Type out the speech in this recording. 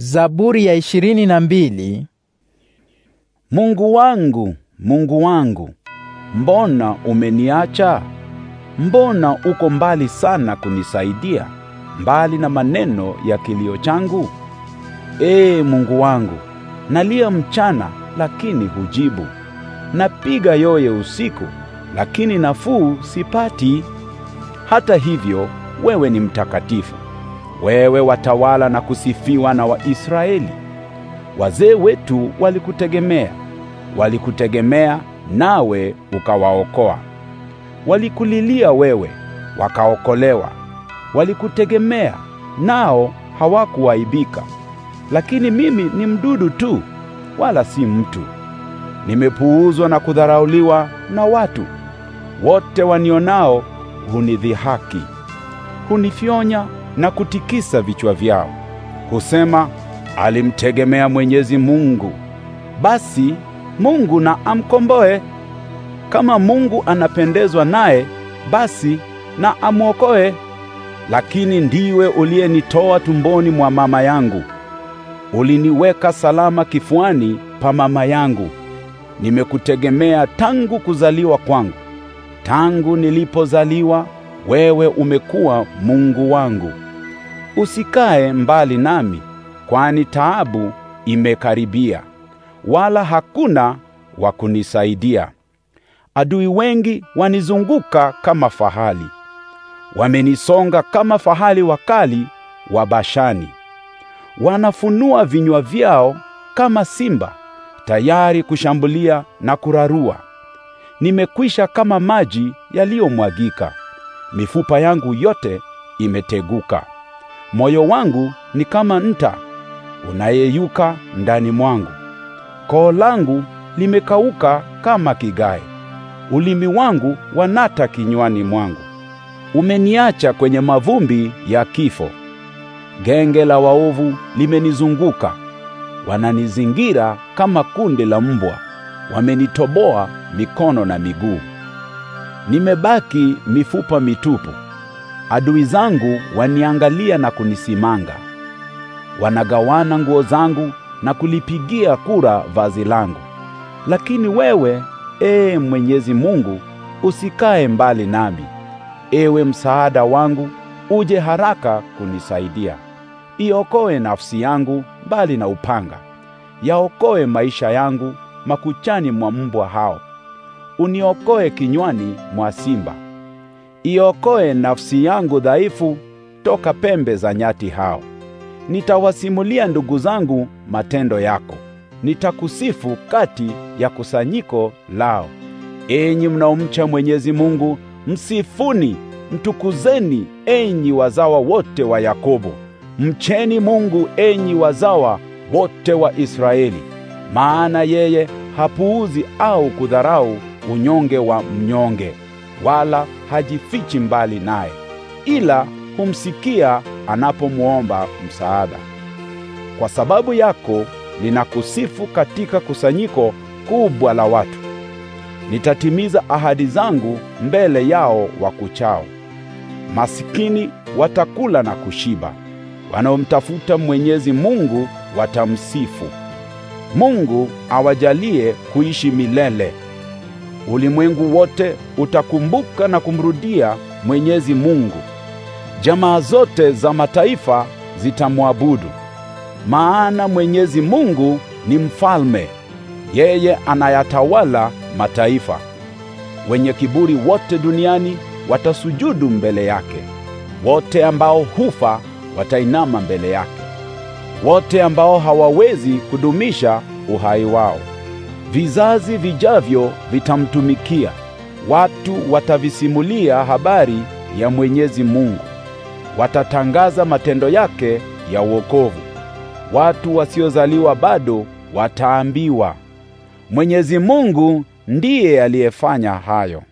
Zaburi ya ishirini na mbili. Mungu wangu, Mungu wangu, mbona umeniacha? Mbona uko mbali sana kunisaidia, mbali na maneno ya kilio changu? Ee Mungu wangu, nalia mchana lakini hujibu. Napiga yoye usiku lakini nafuu sipati. Hata hivyo, wewe ni mtakatifu. Wewe watawala na kusifiwa na Waisraeli. Wazee wetu walikutegemea, walikutegemea nawe ukawaokoa. Walikulilia wewe wakaokolewa, walikutegemea nao hawakuwaibika. Lakini mimi ni mdudu tu, wala si mtu. Nimepuuzwa na kudharauliwa na watu wote, wanionao hunidhihaki, hunifyonya na kutikisa vichwa vyao. Husema alimtegemea Mwenyezi Mungu, basi Mungu na amkomboe. Kama Mungu anapendezwa naye, basi na amwokoe. Lakini ndiwe uliyenitoa tumboni mwa mama yangu, uliniweka salama kifuani pa mama yangu. Nimekutegemea tangu kuzaliwa kwangu, tangu nilipozaliwa, wewe umekuwa Mungu wangu. Usikae mbali nami, kwani taabu imekaribia, wala hakuna wa kunisaidia. Adui wengi wanizunguka kama fahali, wamenisonga kama fahali wakali wa Bashani. Wanafunua vinywa vyao kama simba, tayari kushambulia na kurarua. Nimekwisha kama maji yaliyomwagika, mifupa yangu yote imeteguka. Moyo wangu ni kama nta unayeyuka ndani mwangu, koo langu limekauka kama kigae, ulimi wangu wanata kinywani mwangu. Umeniacha kwenye mavumbi ya kifo, genge la waovu limenizunguka, wananizingira kama kundi la mbwa, wamenitoboa mikono na miguu, nimebaki mifupa mitupu. Adui zangu waniangalia na kunisimanga, wanagawana nguo zangu na kulipigia kura vazi langu. Lakini wewe, ee Mwenyezi Mungu, usikae mbali nami. Ewe msaada wangu, uje haraka kunisaidia. Iokoe nafsi yangu mbali na upanga, yaokoe maisha yangu makuchani mwa mbwa hao, uniokoe kinywani mwa simba iokoe nafsi yangu dhaifu toka pembe za nyati hao. Nitawasimulia ndugu zangu matendo yako, nitakusifu kati ya kusanyiko lao. Enyi mnaomcha Mwenyezi Mungu, msifuni mtukuzeni, enyi wazawa wote wa Yakobo. Mcheni Mungu, enyi wazawa wote wa Israeli, maana yeye hapuuzi au kudharau unyonge wa mnyonge wala hajifichi mbali naye, ila humsikia anapomwomba msaada. Kwa sababu yako ninakusifu katika kusanyiko kubwa la watu. Nitatimiza ahadi zangu mbele yao wakuchao. Masikini watakula na kushiba, wanaomtafuta Mwenyezi Mungu watamsifu. Mungu awajalie kuishi milele ulimwengu wote utakumbuka na kumrudia Mwenyezi Mungu. Jamaa zote za mataifa zitamwabudu, maana Mwenyezi Mungu ni mfalme, yeye anayatawala mataifa. Wenye kiburi wote duniani watasujudu mbele yake, wote ambao hufa watainama mbele yake, wote ambao hawawezi kudumisha uhai wao. Vizazi vijavyo vitamtumikia, watu watavisimulia habari ya Mwenyezi Mungu, watatangaza matendo yake ya wokovu. Watu wasiozaliwa bado wataambiwa, Mwenyezi Mungu ndiye aliyefanya hayo.